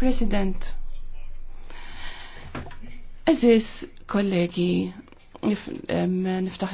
il-President. Eżis, kollegi, niftaħ